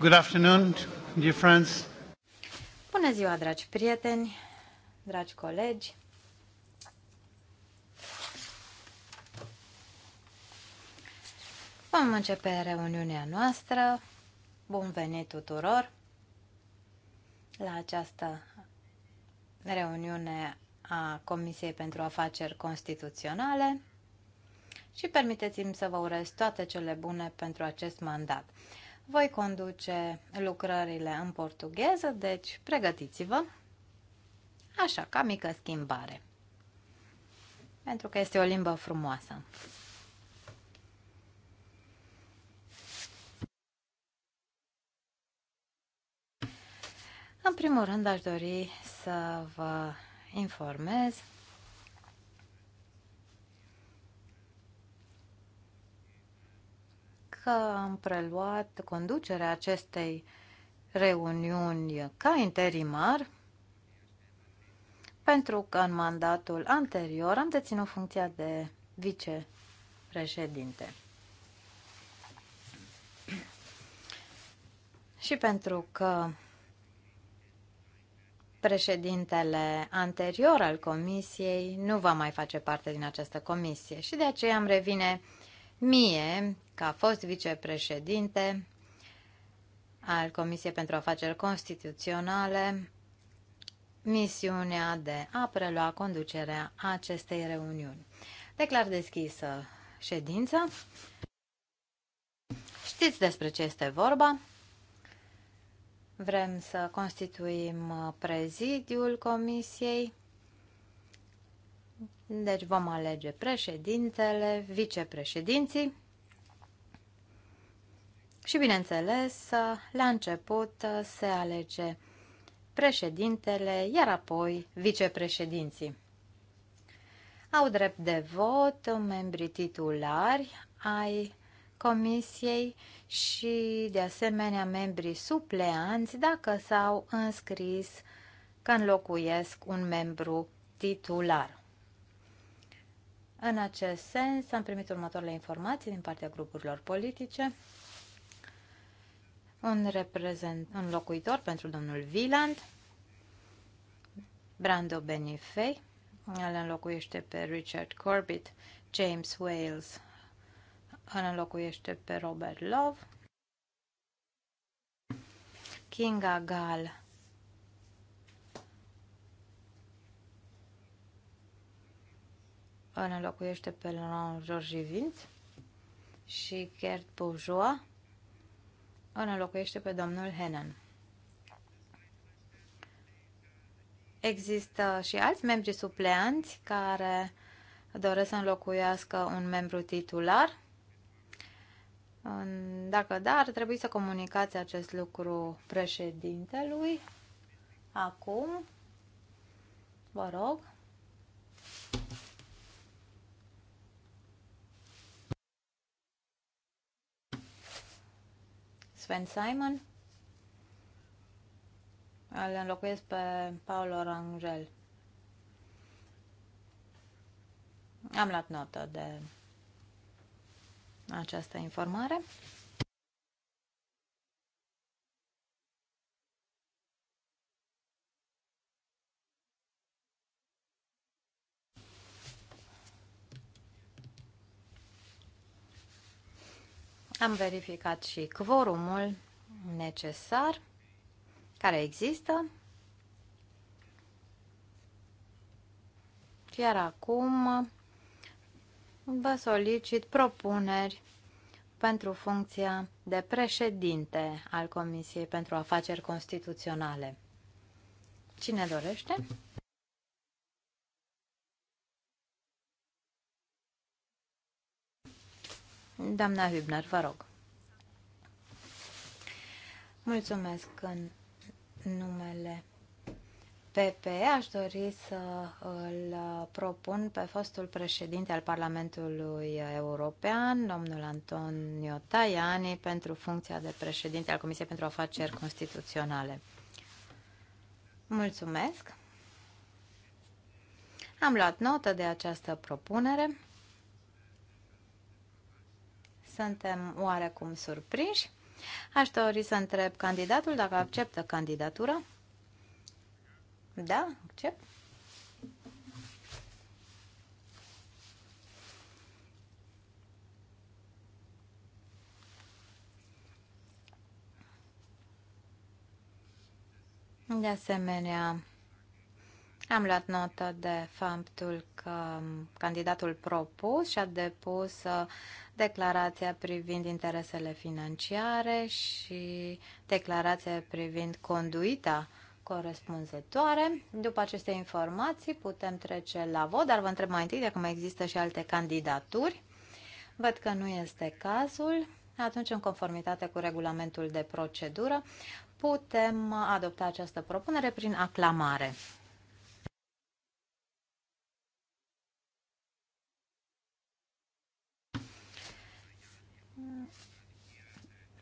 Good afternoon, dear friends. Bună ziua, dragi prieteni, dragi colegi. Vom începe reuniunea noastră. Bun venit tuturor la această reuniune a Comisiei pentru Afaceri Constituționale și permiteți-mi să vă urez toate cele bune pentru acest mandat. Voi conduce lucrările în portugheză, deci pregătiți-vă. Așa, ca mică schimbare. Pentru că este o limbă frumoasă. În primul rând aș dori să vă informez că am preluat conducerea acestei reuniuni ca interimar, pentru că în mandatul anterior am deținut funcția de vicepreședinte. Și pentru că președintele anterior al comisiei nu va mai face parte din această comisie și de aceea îmi revine uh, mie, ca fost vicepreședinte al Comisiei pentru Afaceri Constituționale, misiunea de a prelua conducerea acestei reuniuni. Declar deschisă ședința. Știți despre ce este vorba. Vrem să constituim prezidiul comisiei deci vom alege președintele, vicepreședinții și, bineînțeles, la început se alege președintele, iar apoi vicepreședinții. Au drept de vot membrii titulari ai comisiei și, de asemenea, membrii supleanți dacă s-au înscris că înlocuiesc un membru titular. În acest sens, am primit următoarele informații din partea grupurilor politice. Un, reprezent, un locuitor pentru domnul Viland, Brando Benifei, îl înlocuiește pe Richard Corbett, James Wales îl înlocuiește pe Robert Love, Kinga Gall îl înlocuiește pe Laurent Vint și Gert Bourgeois îl înlocuiește pe domnul Henan. Există și alți membri supleanți care doresc să înlocuiască un membru titular. Dacă da, ar trebui să comunicați acest lucru președintelui. Acum, vă rog. Sven Simon. Îl înlocuiesc pe Paolo Rangel. Am luat notă de această informare. Am verificat și cvorumul necesar care există. Iar acum vă solicit propuneri pentru funcția de președinte al Comisiei pentru Afaceri Constituționale. Cine dorește? Doamna Hübner, vă rog. Mulțumesc în numele PP. Aș dori să îl propun pe fostul președinte al Parlamentului European, domnul Antonio Tajani, pentru funcția de președinte al Comisiei pentru Afaceri Constituționale. Mulțumesc! Am luat notă de această propunere. Suntem oarecum surprinși. Aș dori să întreb candidatul dacă acceptă candidatura. Da, accept. De asemenea, am luat notă de faptul că candidatul propus și-a depus uh, declarația privind interesele financiare și declarația privind conduita corespunzătoare. După aceste informații putem trece la vot, dar vă întreb mai întâi dacă mai există și alte candidaturi. Văd că nu este cazul. Atunci, în conformitate cu regulamentul de procedură, putem adopta această propunere prin aclamare.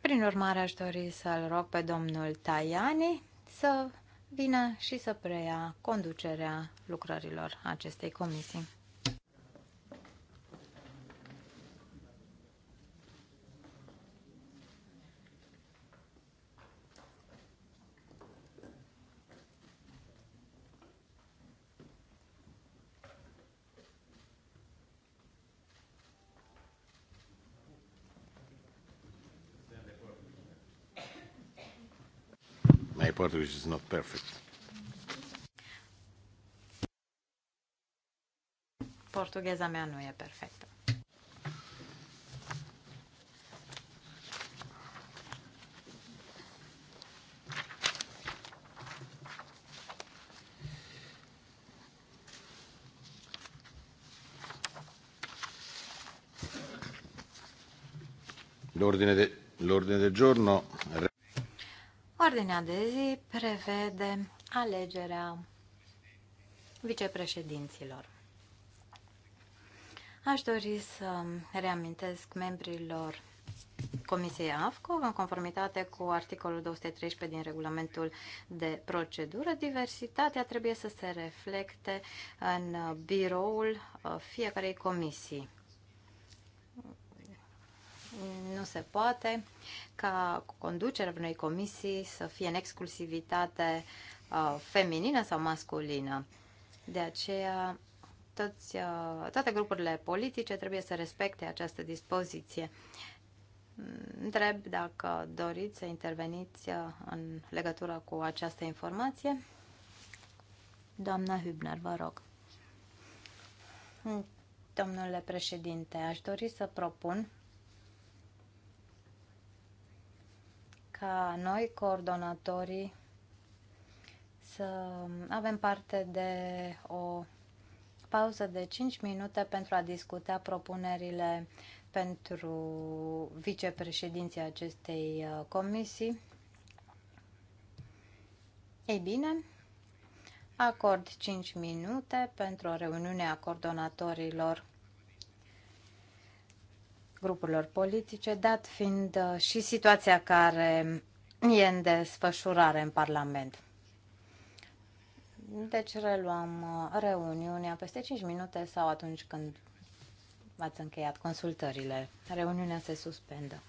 Prin urmare, aș dori să-l rog pe domnul Tajani să vină și să preia conducerea lucrărilor acestei comisii. report which is not perfect. Portugheza mea nu e perfectă. L'ordine del giorno Ordinea de zi prevede alegerea vicepreședinților. Aș dori să reamintesc membrilor Comisiei AFCO, în conformitate cu articolul 213 din regulamentul de procedură, diversitatea trebuie să se reflecte în biroul uh, fiecarei comisii nu se poate ca conducerea unei comisii să fie în exclusivitate uh, feminină sau masculină. De aceea, toți, uh, toate grupurile politice trebuie să respecte această dispoziție. Întreb dacă doriți să interveniți uh, în legătură cu această informație. Doamna Hübner, vă rog. Domnule președinte, aș dori să propun ca noi, coordonatorii, să avem parte de o pauză de 5 minute pentru a discuta propunerile pentru vicepreședinția acestei uh, comisii. Ei bine, acord 5 minute pentru o reuniune a coordonatorilor grupurilor politice, dat fiind uh, și situația care e în desfășurare în Parlament. Deci reluăm uh, reuniunea peste 5 minute sau atunci când ați încheiat consultările. Reuniunea se suspendă.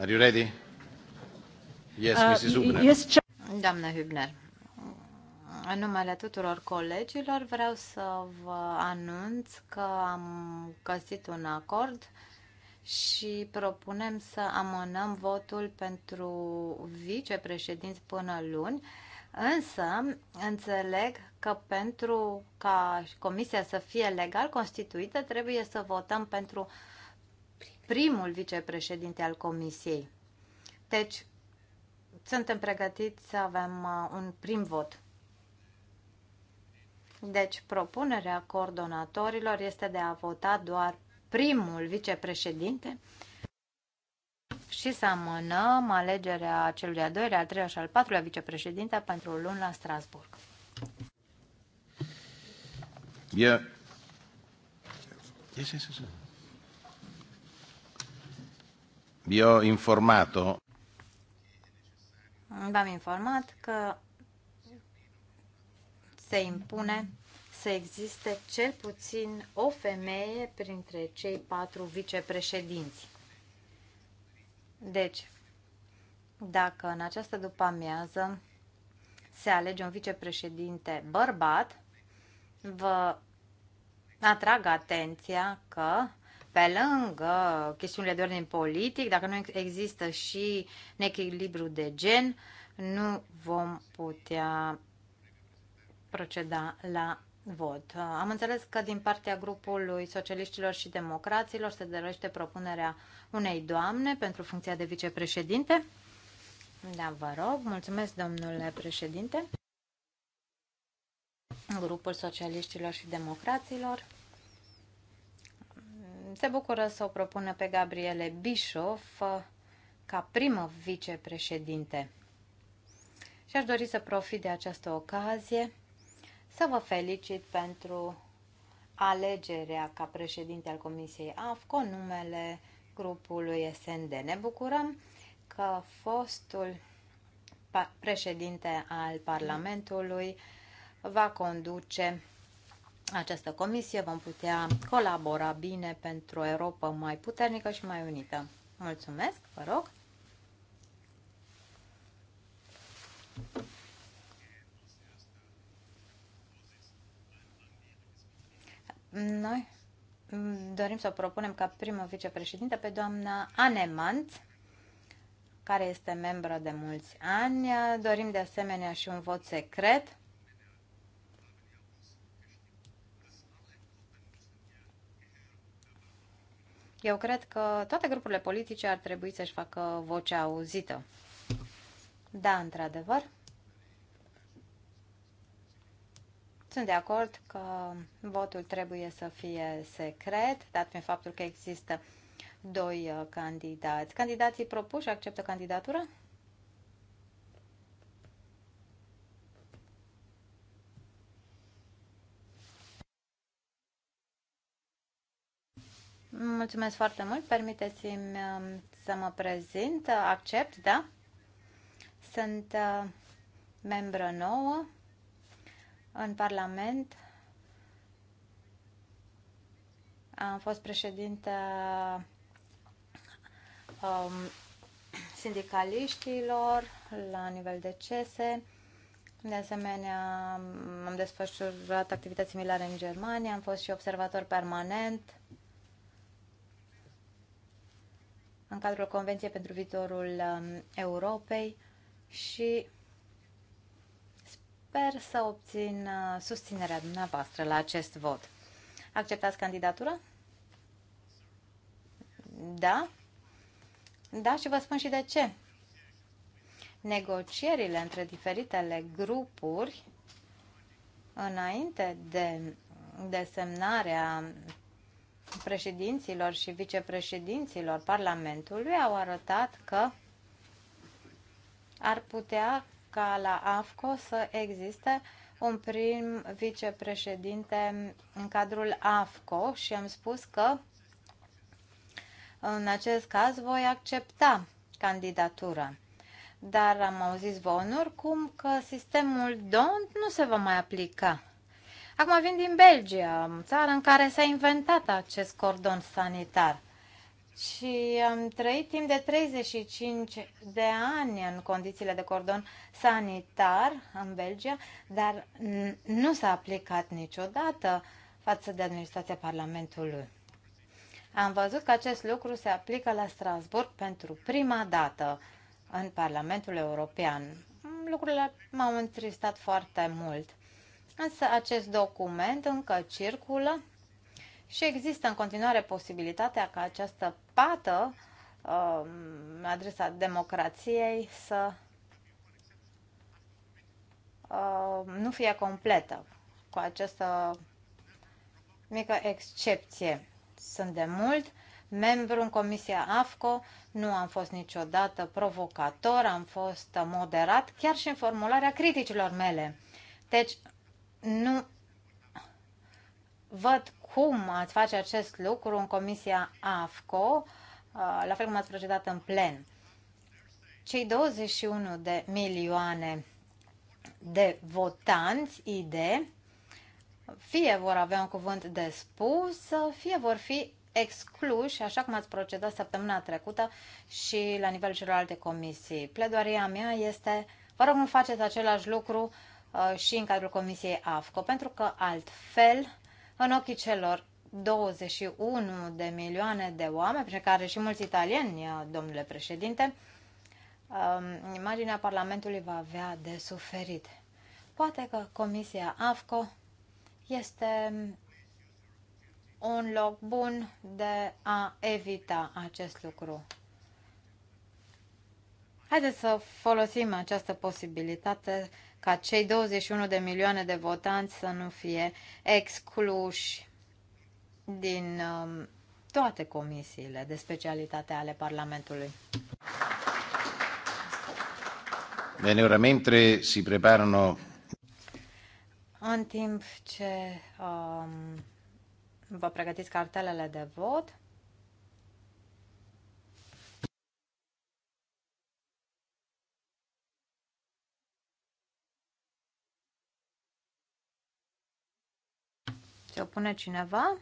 Are you ready? Uh, Hübner. în numele tuturor colegilor vreau să vă anunț că am găsit un acord și propunem să amânăm votul pentru vicepreședinți până luni, însă înțeleg că pentru ca comisia să fie legal constituită trebuie să votăm pentru primul vicepreședinte al Comisiei. Deci, suntem pregătiți să avem uh, un prim vot. Deci, propunerea coordonatorilor este de a vota doar primul vicepreședinte și să amânăm alegerea celui de-al doilea, al treilea și al patrulea vicepreședinte pentru o lună la Strasburg. Bien. Yes, yes, yes. Vi ho informato. V-am informat că se impune să existe cel puțin o femeie printre cei patru vicepreședinți. Deci, dacă în această după-amiază se alege un vicepreședinte bărbat, vă atrag atenția că pe lângă chestiunile de ordine politic, dacă nu există și nechilibru de gen, nu vom putea proceda la vot. Am înțeles că din partea grupului socialiștilor și democraților se dorește propunerea unei doamne pentru funcția de vicepreședinte. Da, vă rog. Mulțumesc, domnule președinte. Grupul socialiștilor și democraților se bucură să o propună pe Gabriele Bischoff uh, ca primă vicepreședinte. Și aș dori să profit de această ocazie să vă felicit pentru alegerea ca președinte al Comisiei AFCO numele grupului SND. Ne bucurăm că fostul președinte al Parlamentului va conduce această comisie vom putea colabora bine pentru o Europa mai puternică și mai unită. Mulțumesc, vă rog! Noi mm, dorim să o propunem ca primă vicepreședintă pe doamna Anemant, care este membră de mulți ani. Dorim de asemenea și un vot secret Eu cred că toate grupurile politice ar trebui să-și facă vocea auzită. Da, într-adevăr. Sunt de acord că votul trebuie să fie secret, dat fiind faptul că există doi uh, candidați. Candidații propuși acceptă candidatura? Mulțumesc foarte mult. Permiteți-mi um, să mă prezint. Accept, da? Sunt uh, membră nouă în Parlament. Am fost președintă um, sindicaliștilor la nivel de CESE. De asemenea, am desfășurat activități similare în Germania, am fost și observator permanent în cadrul Convenției pentru viitorul um, Europei și sper să obțin uh, susținerea dumneavoastră la acest vot. Acceptați candidatura? Da? Da, și vă spun și de ce. Negocierile între diferitele grupuri înainte de desemnarea președinților și vicepreședinților Parlamentului au arătat că ar putea ca la AFCO să existe un prim vicepreședinte în cadrul AFCO și am spus că în acest caz voi accepta candidatura. Dar am auzit zvonuri cum că sistemul DONT nu se va mai aplica Acum vin din Belgia, țară în care s-a inventat acest cordon sanitar. Și am trăit timp de 35 de ani în condițiile de cordon sanitar în Belgia, dar nu s-a aplicat niciodată față de administrația Parlamentului. Am văzut că acest lucru se aplică la Strasburg pentru prima dată în Parlamentul European. Lucrurile m-au întristat foarte mult. Însă acest document încă circulă și există în continuare posibilitatea ca această pată uh, adresa democrației să uh, nu fie completă cu această mică excepție. Sunt de mult membru în Comisia AFCO, nu am fost niciodată provocator, am fost moderat chiar și în formularea criticilor mele. Deci nu văd cum ați face acest lucru în Comisia AFCO, uh, la fel cum ați procedat în plen. Cei 21 de milioane de votanți ID fie vor avea un cuvânt de spus, fie vor fi excluși, așa cum ați procedat săptămâna trecută și la nivelul celorlalte comisii. Pledoaria mea este, vă rog, nu faceți același lucru Uh, și în cadrul Comisiei AFCO, pentru că altfel, în ochii celor 21 de milioane de oameni, printre care și mulți italieni, uh, domnule președinte, um, imaginea Parlamentului va avea de suferit. Poate că Comisia AFCO este un loc bun de a evita acest lucru. Haideți să folosim această posibilitate ca cei 21 de milioane de votanți să nu fie excluși din um, toate comisiile de specialitate ale Parlamentului. Bine, ora mentre si preparano... În timp ce um, vă pregătiți cartelele de vot, spune cineva?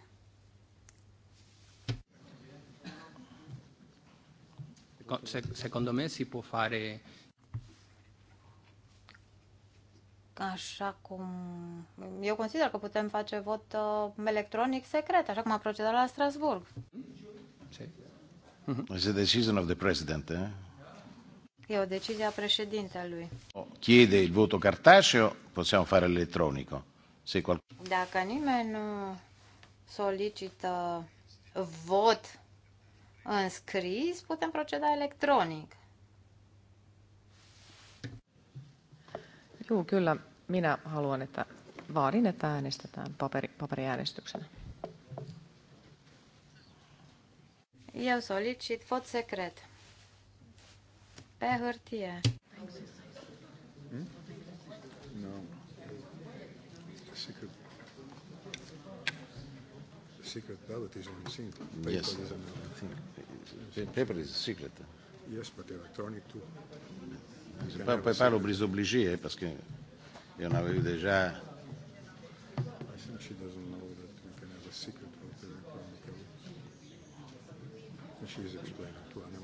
Secondo me si può fare Așa cum... Eu consider că putem face vot uh, electronic secret, așa cum a procedat la Strasburg. Este decision of the president, eh? E o decizie a președintelui. Chiede il voto cartaceo, possiamo fare elettronico. Se Dacă nimeni nu solicită vot în scris, putem proceda electronic. Juu, kyllä minä haluan, että vaadin, että äänestetään paperi, paperiäänestyksenä. Eu solicit vot secret. Pe hârtie. Hmm? secret secret da, ballot păi, is on single. Paper yes. is on single. Paper is secret. Yes, but electronic too. C'est pas, pas, pas l'oblige obligé, hein, parce que il y en avait eu déjà. I think she doesn't know that we can have a secret vote electronically. She is explaining to us.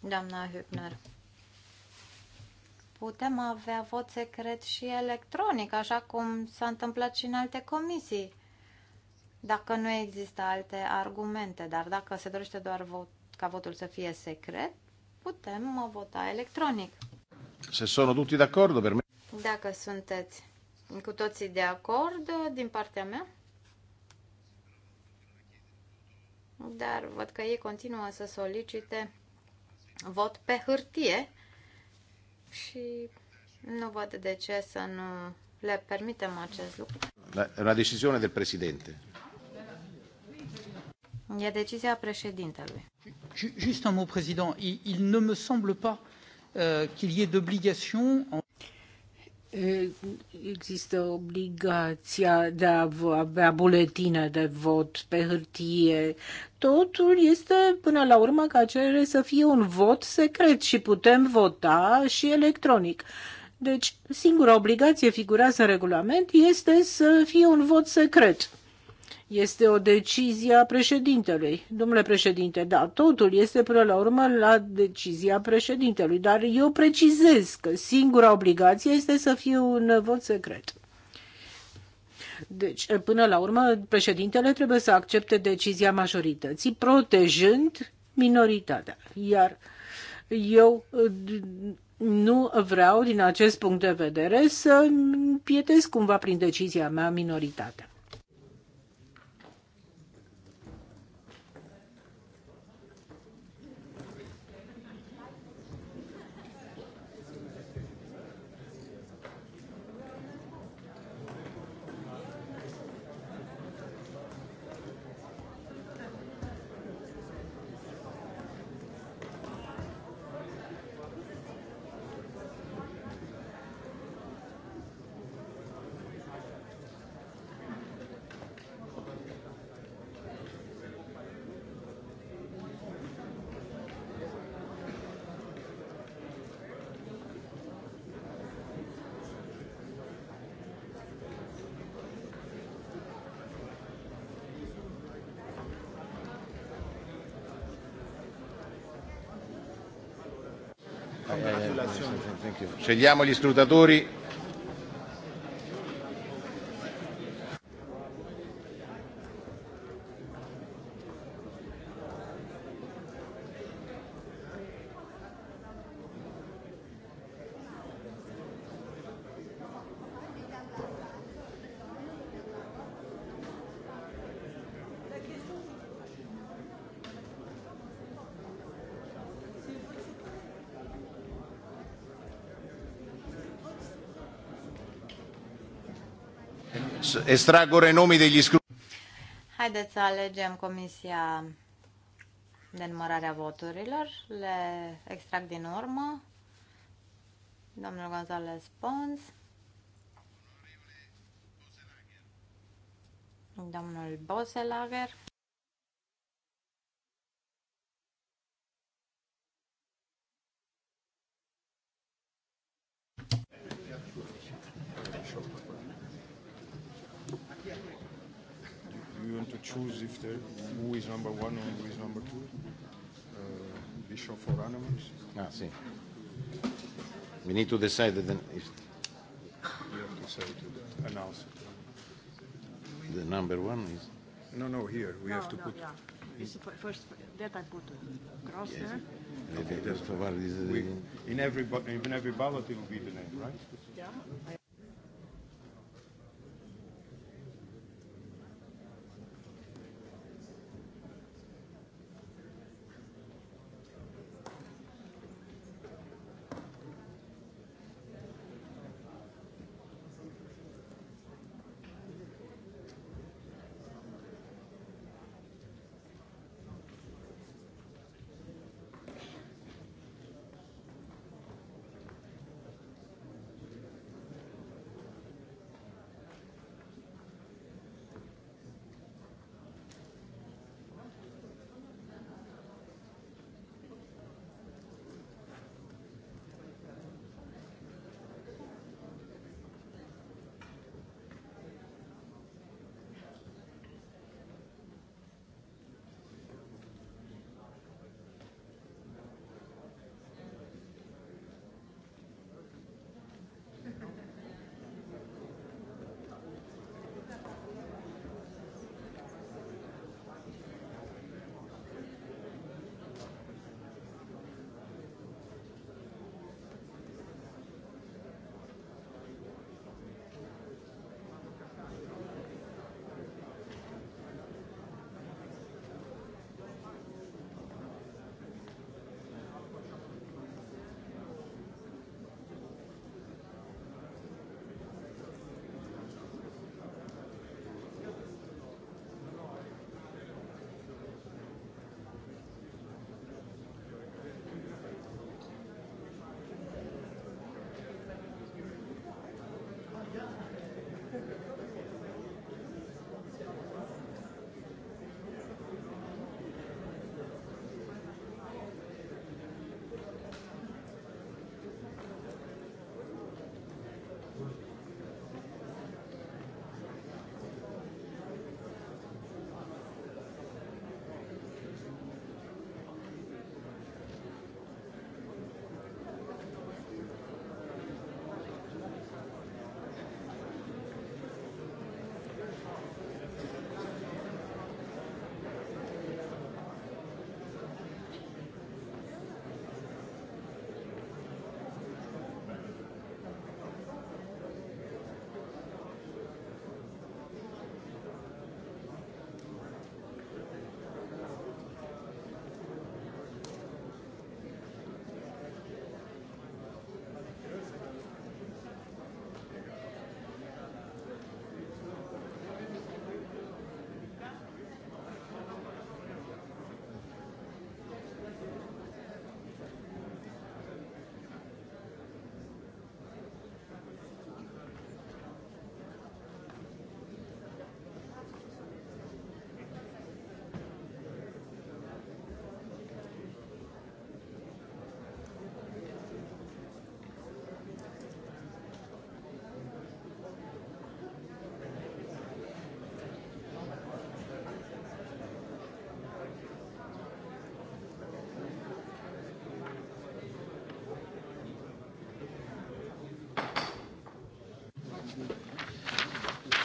Doamna Hübner, putem avea vot secret și electronic, așa cum s-a întâmplat și în alte comisii, dacă nu există alte argumente. Dar dacă se dorește doar vot, ca votul să fie secret, putem vota electronic. Se sono tutti d'accordo per me. Dacă sunteți cu toții de acord din partea mea. dar văd că ei continuă să solicite vot pe hârtie și nu văd de ce să nu le permitem acest lucru. La, la del presidente. E decizia președintelui. Just un mot, président. Il, il ne me semble pas euh, qu'il y ait d'obligation. En există obligația de a avea buletine de vot pe hârtie. Totul este, până la urmă, ca cerere să fie un vot secret și putem vota și electronic. Deci, singura obligație figurează în regulament este să fie un vot secret. Este o decizie a președintelui. Domnule președinte, da, totul este până la urmă la decizia președintelui, dar eu precizez că singura obligație este să fie un vot secret. Deci, până la urmă, președintele trebuie să accepte decizia majorității, protejând minoritatea. Iar eu nu vreau, din acest punct de vedere, să pietez cumva prin decizia mea minoritatea. scegliamo gli scrutatori estraggono i nomi degli iscritti. Haideți să alegem comisia de a voturilor. Le extrag din urmă. Domnul González Pons. Domnul Boselager. choose if there who is number one and who is number two. Uh, bishop for animals. Ah, si. We need to decide then if. You have to say to announce it. The number one is. No, no. Here we no, have to no, put. Yeah. first that I put cross yes. there. Eh? Okay, that's, we, in every in every ballot it will be the name, right? Yeah.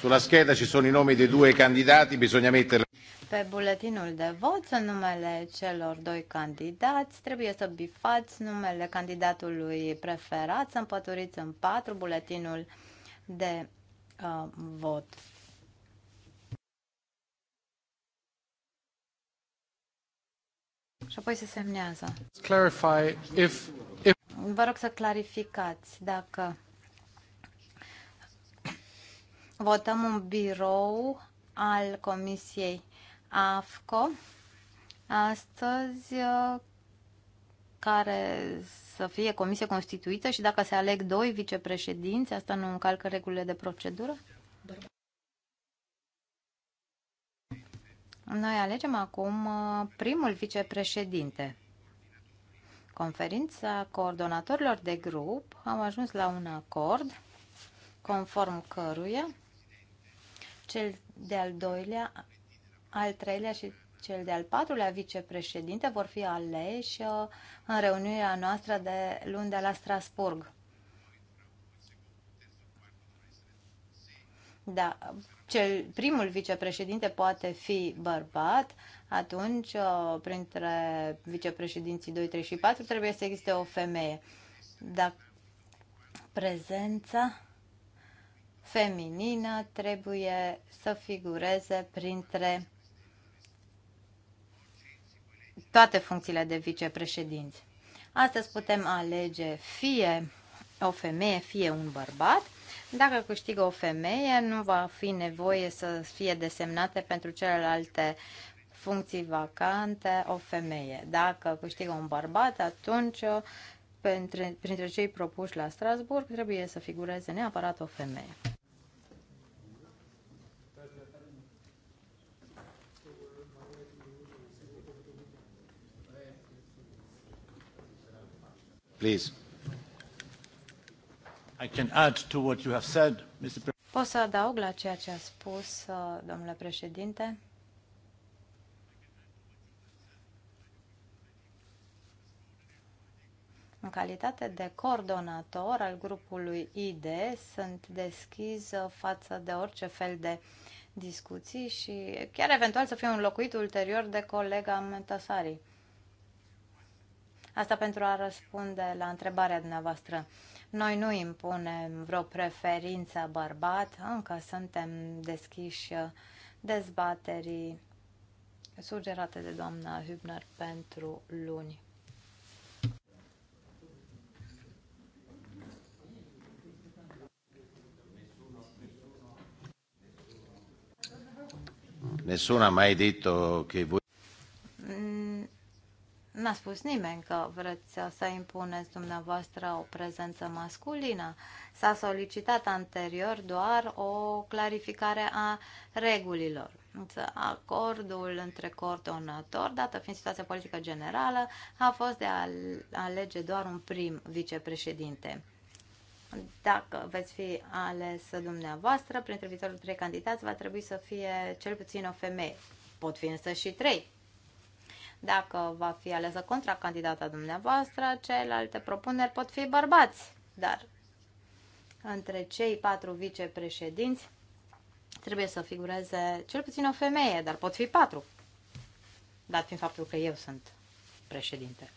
Sulla scheda ci sono i nomi dei due candidati, bisogna metterli. Pe buletinul de vot în numele celor doi candidați. Trebuie să bifați numele candidatului preferat, să împăturiți în patru buletinul de uh, vot. Și apoi se semnează. Clarify if, if... Vă rog să clarificați dacă votăm un birou al Comisiei AFCO astăzi uh, care să fie comisie constituită și dacă se aleg doi vicepreședinți, asta nu încalcă regulile de procedură? Noi alegem acum uh, primul vicepreședinte. Conferința coordonatorilor de grup am ajuns la un acord conform căruia cel de-al doilea, al treilea și cel de-al patrulea vicepreședinte vor fi aleși uh, în reuniunea noastră de luni de la Strasburg. Da, cel primul vicepreședinte poate fi bărbat, atunci uh, printre vicepreședinții 2, 3 și 4 trebuie să existe o femeie. Dacă prezența feminină trebuie să figureze printre toate funcțiile de vicepreședinți. Astăzi putem alege fie o femeie, fie un bărbat. Dacă câștigă o femeie, nu va fi nevoie să fie desemnate pentru celelalte funcții vacante o femeie. Dacă câștigă un bărbat, atunci printre, printre cei propuși la Strasburg trebuie să figureze neapărat o femeie. Please. I can add to what you have said, Mr. Pot să adaug la ceea ce a spus, uh, domnule președinte? În calitate de coordonator al grupului ID, sunt deschis uh, față de orice fel de discuții și chiar eventual să fiu înlocuit ulterior de colega Mentasari. Asta pentru a răspunde la întrebarea dumneavoastră. Noi nu impunem vreo preferință bărbat, încă suntem deschiși dezbaterii sugerate de doamna Hübner pentru luni. Nessuno ha mai detto che voi... N-a spus nimeni că vreți să impuneți dumneavoastră o prezență masculină. S-a solicitat anterior doar o clarificare a regulilor. Însă acordul între coordonator, dată fiind situația politică generală, a fost de a alege doar un prim vicepreședinte. Dacă veți fi ales dumneavoastră, printre viitorul trei candidați, va trebui să fie cel puțin o femeie. Pot fi însă și trei dacă va fi alesă contra candidata dumneavoastră, celelalte propuneri pot fi bărbați, dar între cei patru vicepreședinți trebuie să figureze cel puțin o femeie, dar pot fi patru, dat fiind faptul că eu sunt președinte.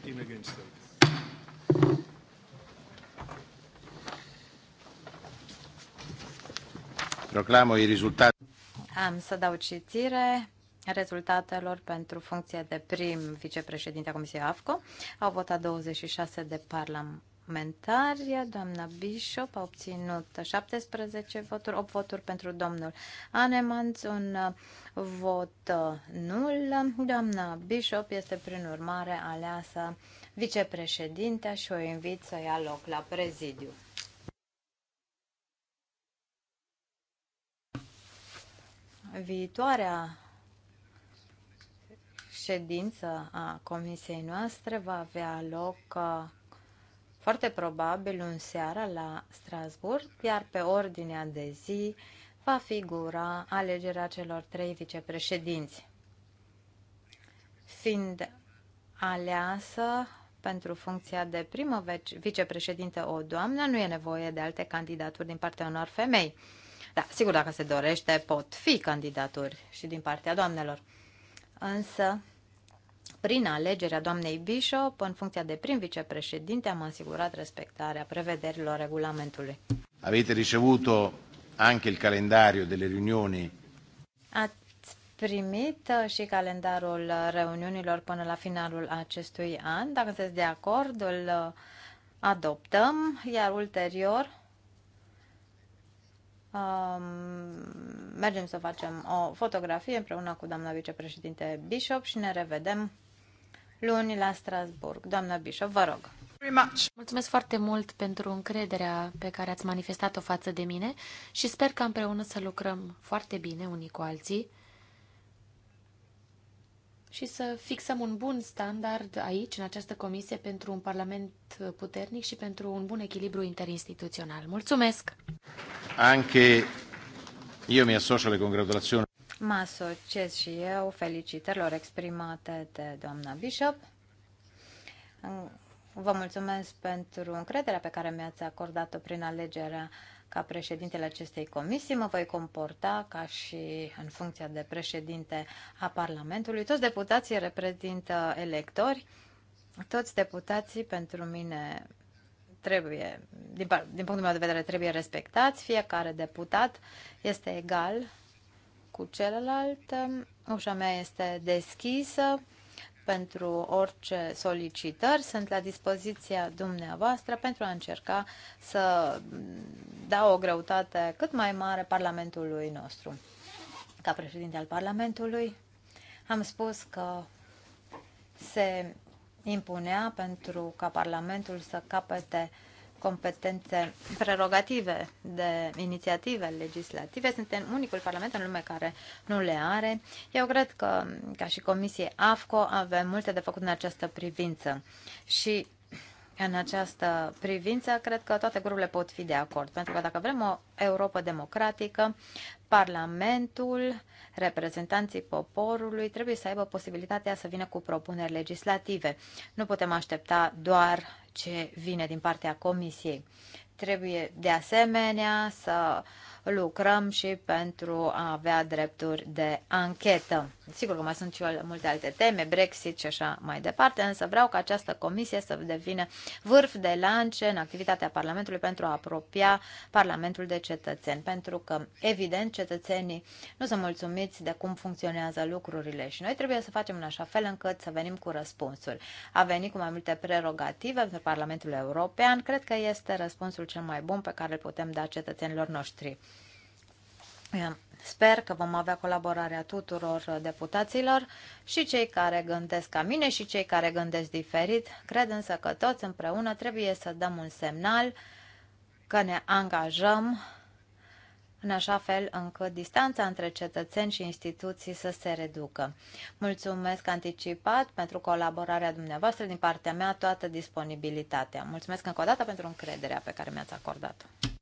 team against them. i Am să dau citire rezultatelor pentru funcția de prim vicepreședinte a Comisiei AFCO. Au votat 26 de parlamentari comentarii. Doamna Bishop a obținut 17 voturi, 8 voturi pentru domnul Anemans, un uh, vot uh, nul. Doamna Bishop este prin urmare aleasă vicepreședintea și o invit să ia loc la prezidiu. Viitoarea ședință a comisiei noastre va avea loc uh, foarte probabil în seara la Strasburg, iar pe ordinea de zi va figura alegerea celor trei vicepreședinți. Fiind aleasă pentru funcția de primă vicepreședinte o doamnă, nu e nevoie de alte candidaturi din partea unor femei. Da, sigur, dacă se dorește, pot fi candidaturi și din partea doamnelor. Însă, prin alegerea doamnei Bishop în funcția de prim vicepreședinte am asigurat respectarea prevederilor regulamentului. Avete ricevuto anche il calendario delle riunioni? Ați primit uh, și calendarul uh, reuniunilor până la finalul acestui an. Dacă sunteți de acord, îl uh, adoptăm, iar ulterior um, mergem să facem o fotografie împreună cu doamna vicepreședinte Bishop și ne revedem luni la Strasburg. Doamna Bishop, vă rog. Mulțumesc foarte mult pentru încrederea pe care ați manifestat-o față de mine și sper că împreună să lucrăm foarte bine unii cu alții și să fixăm un bun standard aici, în această comisie, pentru un parlament puternic și pentru un bun echilibru interinstituțional. Mulțumesc! Anche eu mi asocio le congratulazioni. Mă asociez și eu felicitărilor exprimate de doamna Bishop. Vă mulțumesc pentru încrederea pe care mi-ați acordat-o prin alegerea ca președintele acestei comisii. Mă voi comporta ca și în funcția de președinte a Parlamentului. Toți deputații reprezintă electori. Toți deputații pentru mine trebuie, din, din punctul meu de vedere, trebuie respectați. Fiecare deputat este egal cu celălalt. Ușa mea este deschisă pentru orice solicitări. Sunt la dispoziția dumneavoastră pentru a încerca să dau o greutate cât mai mare Parlamentului nostru. Ca președinte al Parlamentului, am spus că se impunea pentru ca Parlamentul să capete competențe prerogative de inițiative legislative. Suntem unicul parlament în lume care nu le are. Eu cred că, ca și Comisie AFCO, avem multe de făcut în această privință. Și în această privință, cred că toate grupurile pot fi de acord, pentru că dacă vrem o Europa democratică, Parlamentul, reprezentanții poporului trebuie să aibă posibilitatea să vină cu propuneri legislative. Nu putem aștepta doar ce vine din partea Comisiei. Trebuie de asemenea să uh, lucrăm și pentru a avea drepturi de anchetă. Sigur că mai sunt și multe alte teme, Brexit și așa mai departe, însă vreau ca această comisie să devină vârf de lance în activitatea Parlamentului pentru a apropia Parlamentul de cetățeni, pentru că, evident, cetățenii nu sunt mulțumiți de cum funcționează lucrurile și noi trebuie să facem în așa fel încât să venim cu răspunsuri. A venit cu mai multe prerogative pentru Parlamentul European, cred că este răspunsul cel mai bun pe care îl putem da cetățenilor noștri. Sper că vom avea colaborarea tuturor deputaților și cei care gândesc ca mine și cei care gândesc diferit. Cred însă că toți împreună trebuie să dăm un semnal că ne angajăm în așa fel încât distanța între cetățeni și instituții să se reducă. Mulțumesc anticipat pentru colaborarea dumneavoastră din partea mea, toată disponibilitatea. Mulțumesc încă o dată pentru încrederea pe care mi-ați acordat-o.